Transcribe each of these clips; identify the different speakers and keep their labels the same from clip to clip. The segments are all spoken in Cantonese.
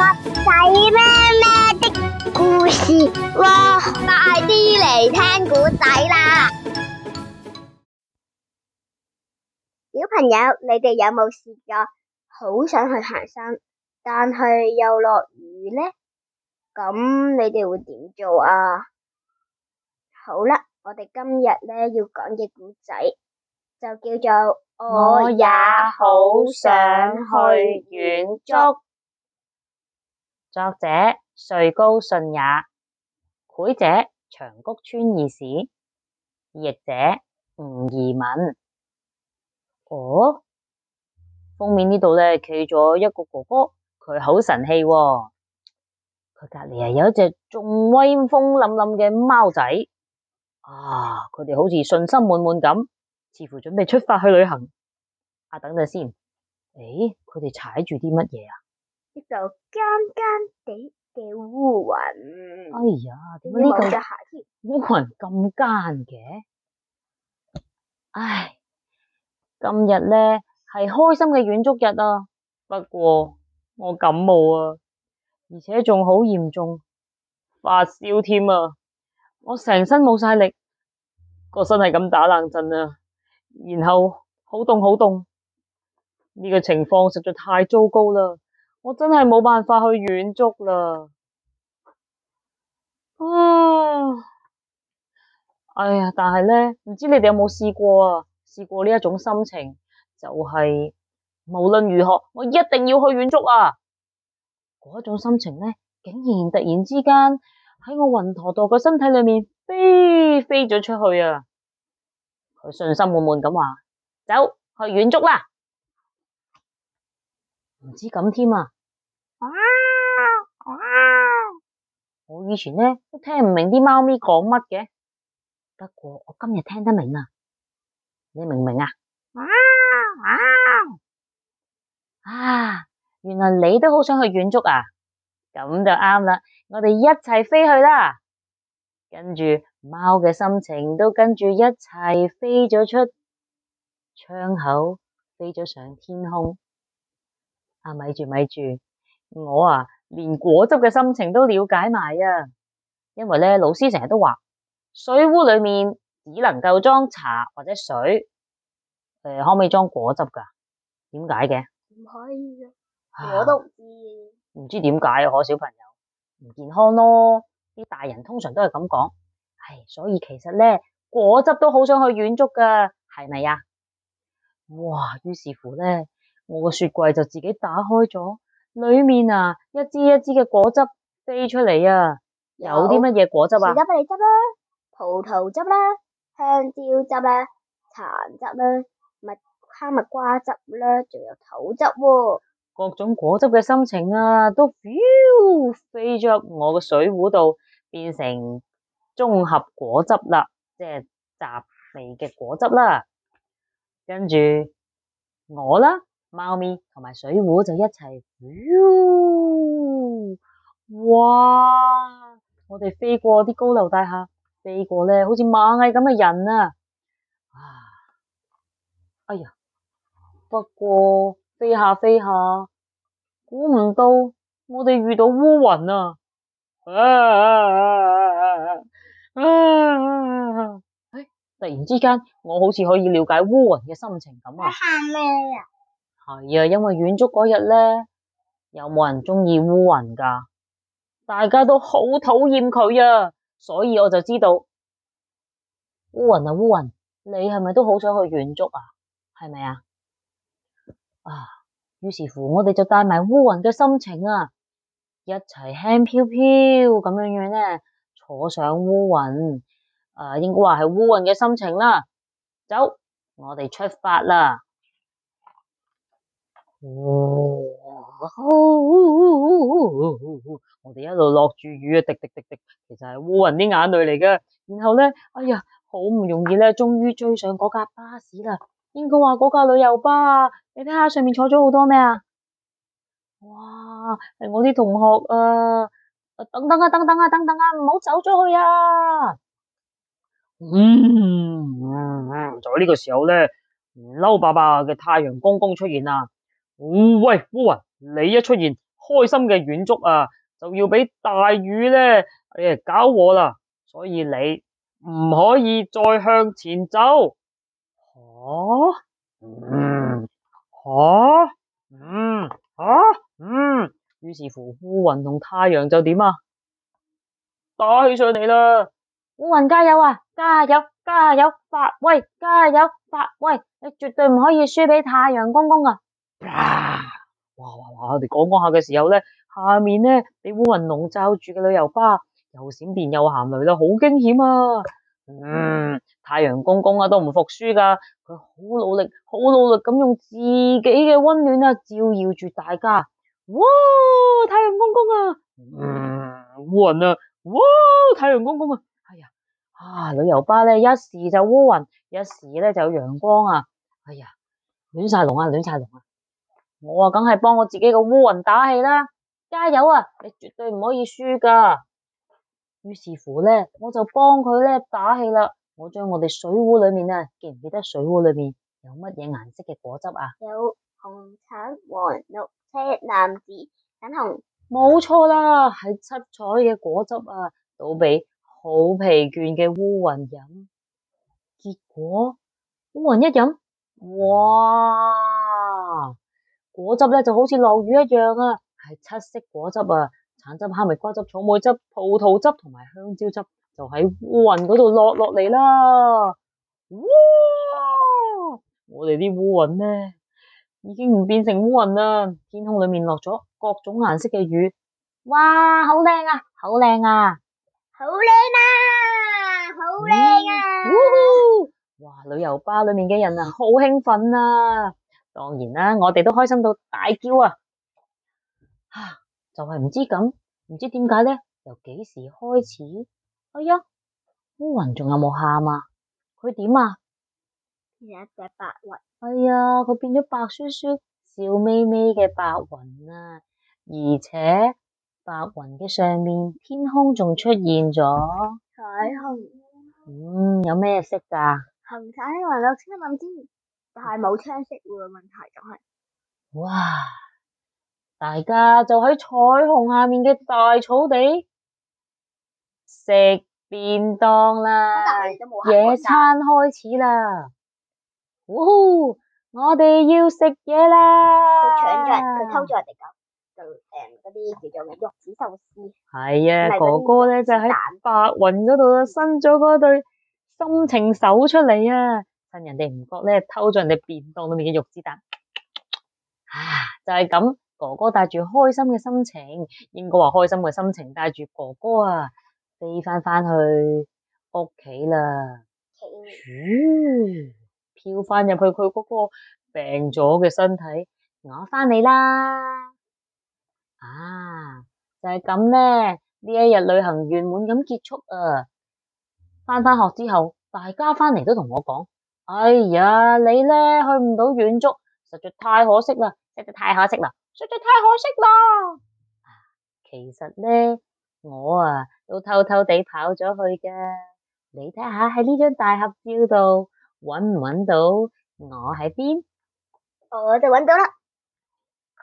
Speaker 1: 仔咩咩的故事喎，快啲嚟聽古仔啦！小朋友，你哋有冇試過好想去行山，但係又落雨呢？咁你哋會點做啊？好啦，我哋今日咧要講嘅古仔就叫做我也好想去遠足。
Speaker 2: 作者穗高順也，繪者長谷川義史，譯者吳怡文。哦，封面呢度咧，企咗一個哥哥，佢好神氣，哦，佢隔籬啊，有一隻仲威風凜凜嘅貓仔啊，佢哋好似信心滿滿咁，似乎準備出發去旅行。啊，等等先，誒、欸，佢哋踩住啲乜嘢啊？
Speaker 1: 就奸奸地嘅烏雲，
Speaker 2: 哎呀，點解呢個烏雲咁奸嘅？唉，今日咧係開心嘅遠足日啊！不過我感冒啊，而且仲好嚴重，發燒添啊，我成身冇晒力，個身係咁打冷震啊，然後好凍好凍，呢個情況實在太糟糕啦。我真係冇辦法去遠足啦！啊，哎呀，但係咧，唔知你哋有冇試過啊？試過呢一種心情，就係、是、無論如何，我一定要去遠足啊！嗰一種心情咧，竟然突然之間喺我雲陀陀個身體裏面飛飛咗出去啊！佢信心滿滿咁話：「走去遠足啦！」唔知咁添啊！啊啊我以前呢都聽唔明啲貓咪講乜嘅，不過我，我今日聽得明啊！你明唔明啊？啊原來你都好想去遠足啊！咁就啱啦，我哋一齊飛去啦！跟住貓嘅心情都跟住一齊飛咗出窗口，飛咗上天空。啊，咪住咪住，我啊連果汁嘅心情都了解埋啊！因為咧，老師成日都話，水壺裏面只能夠裝茶或者水，誒、呃，可唔可以裝果汁噶？點解嘅？唔可以啊！我都唔知唔知點解啊，我、啊、小朋友唔健康咯，啲大人通常都係咁講，唉，所以其實咧，果汁都好想去遠足噶，係咪啊？哇！於是乎咧。我個雪櫃就自己打開咗，裏面啊一支一支嘅果汁飛出嚟啊，有啲乜嘢果汁啊？果
Speaker 1: 汁啦，葡萄汁啦，香蕉汁啦！橙汁啦，蜜哈密瓜汁啦，仲有桃汁，啊，
Speaker 2: 各種果汁嘅心情啊，都飄飛咗入我個水壺度，變成綜合果汁啦，即係雜味嘅果汁啦，跟住我啦。貓咪同埋水壺就一齊，哇！我哋飛過啲高樓大廈，飛過咧，好似螞蟻咁嘅人啊！啊，哎呀，不過飛下飛下，估唔到我哋遇到烏雲啊！哎，突然之間，我好似可以了解烏雲嘅心情咁啊！你喊咩啊？係啊，因為遠足嗰日咧，有冇人中意烏雲噶？大家都好討厭佢啊，所以我就知道烏雲啊烏雲，你係咪都好想去遠足啊？係咪啊？啊，於是乎我哋就帶埋烏雲嘅心情啊，一齊輕飄飄咁樣樣咧，坐上烏雲，啊、呃，應該話係烏雲嘅心情啦、啊，走，我哋出發啦。我哋一路落住雨啊，滴滴滴滴，其實係烏雲啲眼淚嚟嘅。然後咧，哎呀，好唔容易咧，終於追上嗰架巴士啦。應該話嗰架旅遊巴啊？你睇下上面坐咗好多咩啊？哇，係我啲同學啊！等等啊，等等啊，等等啊，唔好走咗去啊！嗯嗯嗯，就喺呢個時候咧，唔嬲爆爆嘅太陽公公出現啦。好喂，烏雲，你一出現，開心嘅遠足啊，就要俾大雨咧，誒、哎，搞我啦，所以你唔可以再向前走。吓、啊？嗯。吓、啊？嗯。吓、啊？嗯。於是乎，烏雲同太陽就點啊？打起上嚟啦！烏雲加油啊！加油，加油，發威！加油，發威！你絕對唔可以輸畀太陽公公啊！啦，哇哇哇！我哋講講下嘅時候咧，下面咧被烏雲籠罩住嘅旅遊巴，又閃電又鹹雷啦，好驚險啊！嗯，太陽公公啊都唔服輸噶，佢好努力，好努力咁用自己嘅溫暖啊照耀住大家。哇，太陽公公啊，嗯，烏雲啊，哇，太陽公公啊，哎呀，啊旅遊巴咧一時就烏雲，一時咧就有陽光啊，哎呀，亂晒龍啊，亂晒龍啊！我啊，梗係幫我自己個烏雲打氣啦，加油啊！你絕對唔可以輸噶。於是乎咧，我就幫佢咧打氣啦。我將我哋水壺裏面啊，記唔記得水壺裏面有乜嘢顏色嘅果汁啊？
Speaker 1: 有紅橙黃綠青藍紫
Speaker 2: 粉紅。冇錯啦，係七彩嘅果汁啊，倒俾好疲倦嘅烏雲飲。結果烏雲一飲，哇！果汁咧就好似落雨一樣啊，係七色果汁啊，橙汁、哈密瓜汁、草莓汁、葡萄汁同埋香蕉汁就喺烏雲嗰度落落嚟啦。哇！我哋啲烏雲咧已經唔變成烏雲啦，天空裏面落咗各種顏色嘅雨。哇！好靚啊，好靚啊，
Speaker 1: 啊，好靚啊，好
Speaker 2: 靚啊！呼哇！旅遊巴裏面嘅人啊，好興奮啊！當然啦，我哋都開心到大叫啊！啊，就係、是、唔知咁，唔知點解咧？由幾時開始？哎呀，烏雲仲有冇喊啊？佢點啊？有一隻白雲。哎呀，佢變咗白雪雪、笑眯眯嘅白雲啊！而且白雲嘅上面，天空仲出現咗
Speaker 1: 彩虹。
Speaker 2: 嗯，有咩色㗎？
Speaker 1: 紅橙黃綠青藍紫。但係冇青色喎，問題就係，
Speaker 2: 哇！大家就喺彩虹下面嘅大草地食便當啦，野餐開始啦！嗚呼，我哋要食嘢啦！佢搶咗人，佢偷咗人哋
Speaker 1: 狗，就誒嗰啲叫做玉子壽
Speaker 2: 司。係啊，哥哥咧就喺白雲嗰度伸咗嗰對心情手出嚟啊！趁人哋唔覺咧，偷咗人哋便當裏面嘅玉子蛋。啊，就係咁，哥哥帶住開心嘅心情，應該話開心嘅心情，帶住哥哥啊，飛翻翻去屋企啦。咦、嗯，飄翻入去佢嗰個病咗嘅身體，我翻嚟啦。啊，就係咁咧，呢一日旅行圓滿咁結束啊。翻翻學之後，大家翻嚟都同我講。哎呀，你咧去唔到遠足，實在太可惜啦！實在太可惜啦，
Speaker 1: 實在太可惜啦。
Speaker 2: 其實咧，我啊都偷偷地跑咗去噶。你睇下喺呢張大合照度，搵唔搵到我喺邊？
Speaker 1: 我就搵到啦。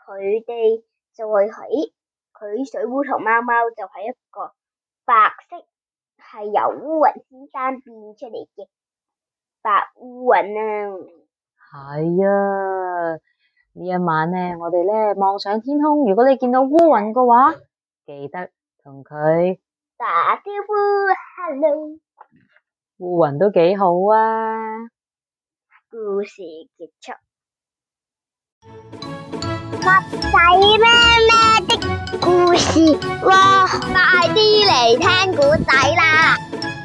Speaker 1: 佢哋就係喺佢水烏頭貓貓就係一個白色係由烏雲先生變出嚟嘅。白烏雲
Speaker 2: 啊，係啊！呢一晚咧，我哋咧望上天空，如果你見到烏雲嘅話，記得同佢打招呼，Hello！烏雲都幾好啊。
Speaker 1: 故事結束。襪仔咩咩的故事喎？快啲嚟聽故仔啦！